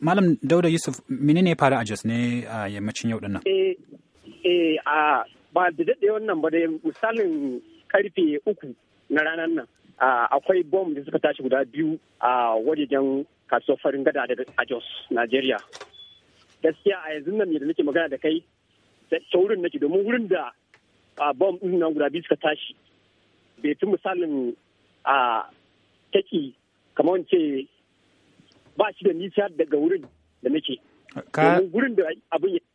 Malam Dauda Yusuf, menene ne faru a Jos ne a yammacin yau dinnan? Eh, eh a ba da daɗe wannan ba da misalin karfe uku na ranar nan. Akwai bom da suka tashi guda biyu a wajejen kasuwar farin gada a Jos, Najeriya. Gaskiya a yanzu nan ne da nake magana da kai, ta wurin nake domin wurin da bom ɗin nan guda biyu suka tashi. Bai fi misalin a taki kamar wance ba shi da nisa daga wurin da nake Ka... gurin da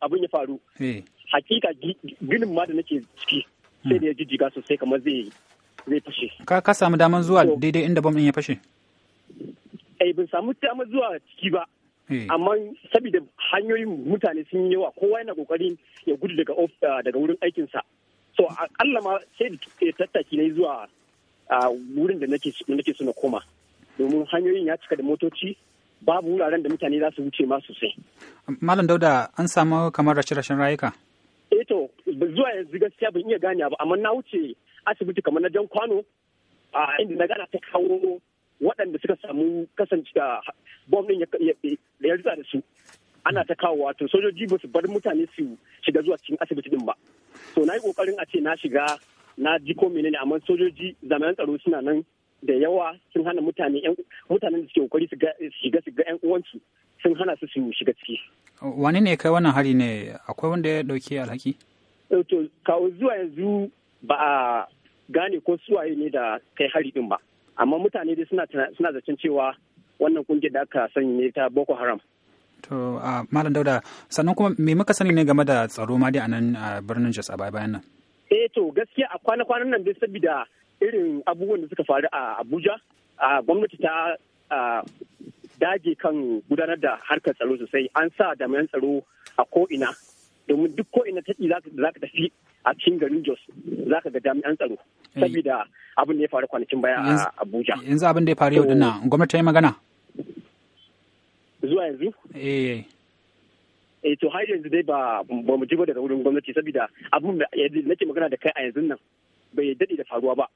abin ya faru eh. hakika ginin ma da nake ciki sai da ya hmm. ji jiga sosai kamar zai zai fashe ka ka samu daman zuwa daidai inda bom din ya fashe eh bin samu daman zuwa ciki ba eh. amma saboda hanyoyin mutane sun yawa kowa yana kokarin ya gudu daga ah, daga wurin aikinsa so akalla ma sai da tattaki na zuwa ah, wurin da nake nake suna koma domin hanyoyin ya cika da motoci babu wuraren da mutane za su wuce ma sosai. Malam Dauda an samu kamar rashe-rashen rayuka? Eh to zuwa yanzu gaskiya ban iya gane ba amma na wuce asibiti kamar na jan kwano a inda na gana ta kawo waɗanda suka samu kasance da bom ɗin ya rutsa da su. ana ta kawo wato sojoji ba su bar mutane su shiga zuwa cikin asibiti din ba to na yi ƙoƙarin a ce na shiga na ji ko menene amma sojoji zamanin tsaro suna nan da yawa sun hana mutane mutanen da suke kokari su shiga su ga yan uwansu sun hana su su shiga ciki wani ne kai wannan hari ne akwai wanda ya dauke alhaki eh, to kawo zuwa yanzu ba a gane ko suwaye ne da kai hari din ba amma mutane dai suna suna zancen cewa wannan kungiyar da aka sani ne ta Boko Haram to a malam dauda sannan kuma me muka sani ne game da tsaro ma dai a nan birnin Jos a bayan nan eh to gaskiya a kwana-kwanan nan dai saboda irin abubuwan da suka faru a abuja gwamnati ta daji kan gudanar da harkar tsaro sosai an sa jami'an tsaro a ko'ina domin duk ko'ina ta za ka tafi a cikin garin jos za ka ga jami'an tsaro eh. saboda abin da ya faru kwanakin baya a abuja yanzu abin da ya faru yau dinnan gwamnati ta yi magana zuwa yanzu eh eh to har yanzu dai ba ba mu ji ba daga wurin gwamnati saboda abin da nake magana da kai a yanzu nan bai daɗe da faruwa ba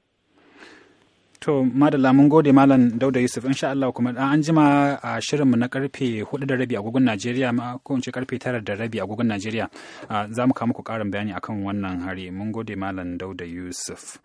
To, madala mun gode Malam Dauda Yusuf, insha Allah kuma an jima a shirinmu na karfe hudu da rabi agogon Najeriya, ko in ce karfe tara da rabi agogon Najeriya, za mu kawo muku karin bayani akan wannan hari. Mun gode Malam Dauda Yusuf.